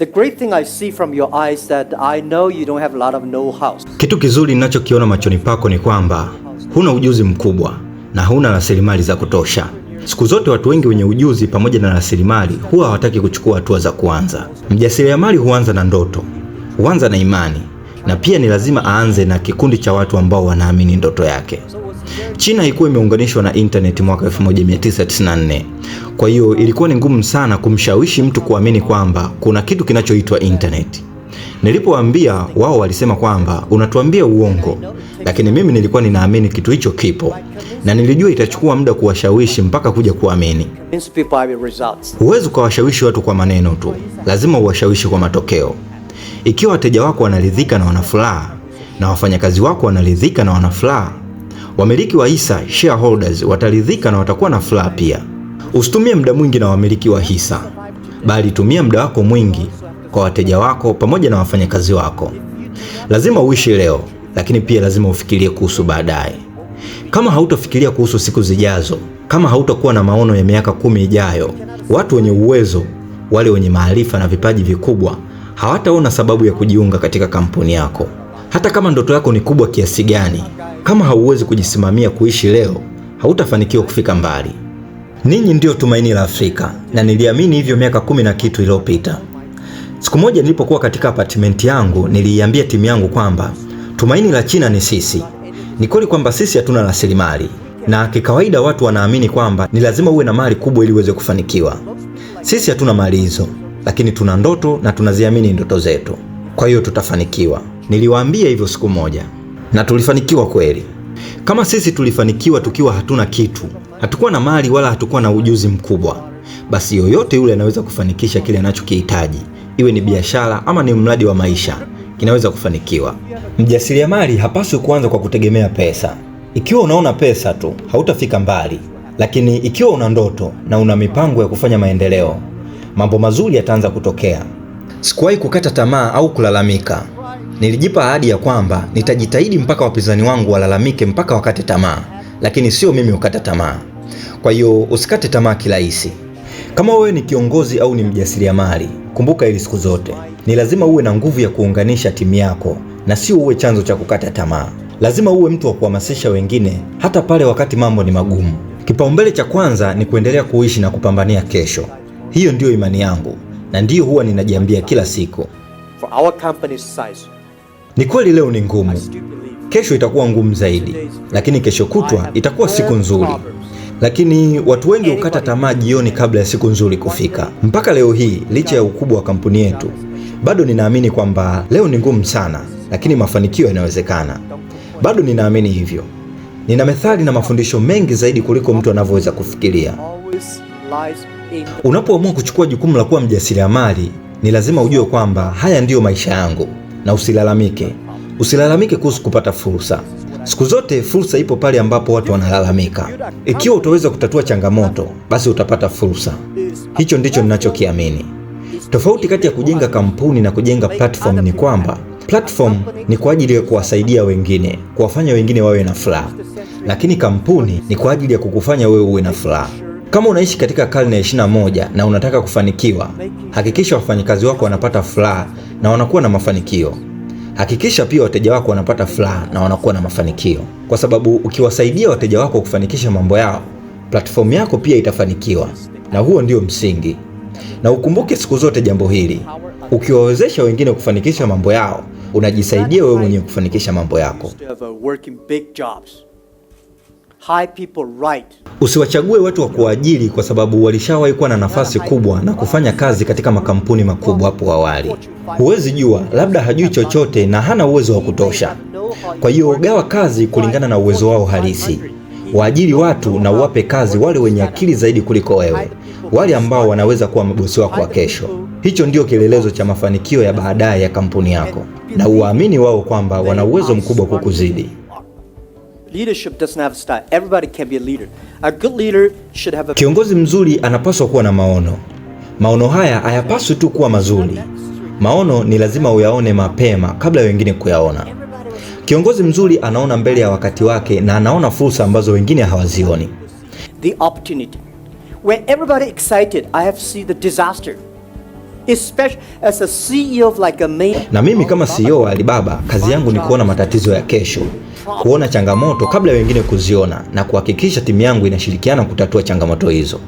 The great thing I see from your eyes that I know you don't have a lot of know-how. Kitu kizuri ninachokiona machoni pako ni kwamba huna ujuzi mkubwa na huna rasilimali za kutosha. Siku zote watu wengi wenye ujuzi pamoja na rasilimali huwa hawataki kuchukua hatua za kuanza. Mjasiriamali huanza na ndoto, huanza na imani, na pia ni lazima aanze na kikundi cha watu ambao wanaamini ndoto yake. China ilikuwa imeunganishwa na internet mwaka 1994. Kwa hiyo ilikuwa ni ngumu sana kumshawishi mtu kuamini kwamba kuna kitu kinachoitwa internet. Nilipoambia wao walisema kwamba unatuambia uongo, lakini mimi nilikuwa ninaamini kitu hicho kipo na nilijua itachukua muda kuwashawishi mpaka kuja kuamini. Huwezi ukawashawishi watu kwa maneno tu, lazima uwashawishi kwa matokeo. Ikiwa wateja wako wanaridhika na wanafuraha na wafanyakazi wako wanaridhika na wanafuraha Wamiliki wa hisa shareholders wataridhika na watakuwa na furaha pia. Usitumie muda mwingi na wamiliki wa hisa, bali tumia muda wako mwingi kwa wateja wako pamoja na wafanyakazi wako. Lazima uishi leo, lakini pia lazima ufikirie kuhusu baadaye. Kama hautofikiria kuhusu siku zijazo, kama hautakuwa na maono ya miaka kumi ijayo, watu wenye uwezo, wale wenye maarifa na vipaji vikubwa hawataona sababu ya kujiunga katika kampuni yako. Hata kama ndoto yako ni kubwa kiasi gani, kama hauwezi kujisimamia kuishi leo, hautafanikiwa kufika mbali. Ninyi ndiyo tumaini la Afrika na niliamini hivyo miaka kumi na kitu iliyopita. Siku moja nilipokuwa katika apatimenti yangu, niliiambia timu yangu kwamba tumaini la China ni sisi. Ni kweli kwamba sisi hatuna rasilimali na kikawaida watu wanaamini kwamba ni lazima uwe na mali kubwa ili uweze kufanikiwa. Sisi hatuna mali hizo, lakini tuna ndoto na tunaziamini ndoto zetu, kwa hiyo tutafanikiwa. Niliwaambia hivyo siku moja na tulifanikiwa kweli. Kama sisi tulifanikiwa tukiwa hatuna kitu, hatukuwa na mali wala hatukuwa na ujuzi mkubwa, basi yoyote yule anaweza kufanikisha kile anachokihitaji, iwe ni biashara ama ni mradi wa maisha, kinaweza kufanikiwa. Mjasiriamali hapaswi kuanza kwa kutegemea pesa. Ikiwa unaona pesa tu, hautafika mbali, lakini ikiwa una ndoto na una mipango ya kufanya maendeleo, mambo mazuri yataanza kutokea. Sikuwahi kukata tamaa au kulalamika. Nilijipa ahadi ya kwamba nitajitahidi mpaka wapinzani wangu walalamike, mpaka wakate tamaa, lakini sio mimi ukata tamaa. Kwa hiyo usikate tamaa kirahisi. Kama wewe ni kiongozi au ni mjasiriamali, kumbuka ili siku zote, ni lazima uwe na nguvu ya kuunganisha timu yako na sio uwe chanzo cha kukata tamaa. Lazima uwe mtu wa kuhamasisha wengine, hata pale wakati mambo ni magumu. Kipaumbele cha kwanza ni kuendelea kuishi na kupambania kesho. Hiyo ndiyo imani yangu na ndiyo huwa ninajiambia kila siku For our company's size. Ni kweli leo ni ngumu, kesho itakuwa ngumu zaidi, lakini kesho kutwa itakuwa siku nzuri. Lakini watu wengi hukata tamaa jioni kabla ya siku nzuri kufika. Mpaka leo hii, licha ya ukubwa wa kampuni yetu, bado ninaamini kwamba leo ni ngumu sana, lakini mafanikio yanawezekana. Bado ninaamini hivyo. Nina methali na mafundisho mengi zaidi kuliko mtu anavyoweza kufikiria. Unapoamua kuchukua jukumu la kuwa mjasiriamali, ni lazima ujue kwamba haya ndiyo maisha yangu na usilalamike. Usilalamike kuhusu kupata fursa. Siku zote fursa ipo pale ambapo watu wanalalamika. Ikiwa utaweza kutatua changamoto, basi utapata fursa. Hicho ndicho ninachokiamini. Tofauti kati ya kujenga kampuni na kujenga platform ni kwamba platform ni kwa ajili ya kuwasaidia wengine, kuwafanya wengine wawe na furaha, lakini kampuni ni kwa ajili ya kukufanya wewe uwe na furaha. Kama unaishi katika karne ya 21 na unataka kufanikiwa, hakikisha wafanyakazi wako wanapata furaha na wanakuwa na mafanikio. Hakikisha pia wateja wako wanapata furaha na wanakuwa na mafanikio, kwa sababu ukiwasaidia wateja wako kufanikisha mambo yao, platform yako pia itafanikiwa, na huo ndio msingi. Na ukumbuke siku zote jambo hili, ukiwawezesha wengine kufanikisha mambo yao, unajisaidia wewe mwenyewe kufanikisha mambo yako high people right. Usiwachague watu wa kuajiri kwa sababu walishawahi kuwa na nafasi kubwa na kufanya kazi katika makampuni makubwa hapo awali. Huwezi jua, labda hajui chochote na hana uwezo wa kutosha. Kwa hiyo gawa kazi kulingana na uwezo wao halisi. Waajiri watu na uwape kazi wale wenye akili zaidi kuliko wewe, wale ambao wanaweza kuwa mabosi wako wa kesho. Hicho ndio kielelezo cha mafanikio ya baadaye ya kampuni yako, na uwaamini wao kwamba wana uwezo mkubwa kukuzidi. Leadership doesn't have have a a A a... style. Everybody can be leader. leader good should Kiongozi mzuri anapaswa kuwa na maono. Maono haya hayapaswi tu kuwa mazuri. Maono ni lazima uyaone mapema kabla wengine kuyaona. Kiongozi mzuri anaona mbele ya wakati wake na anaona fursa ambazo wengine hawazioni. The opportunity. Where everybody excited, I have seen the disaster. E na mimi kama CEO wa Alibaba, kazi yangu ni kuona matatizo ya kesho, kuona changamoto kabla ya wengine kuziona na kuhakikisha timu yangu inashirikiana kutatua changamoto hizo.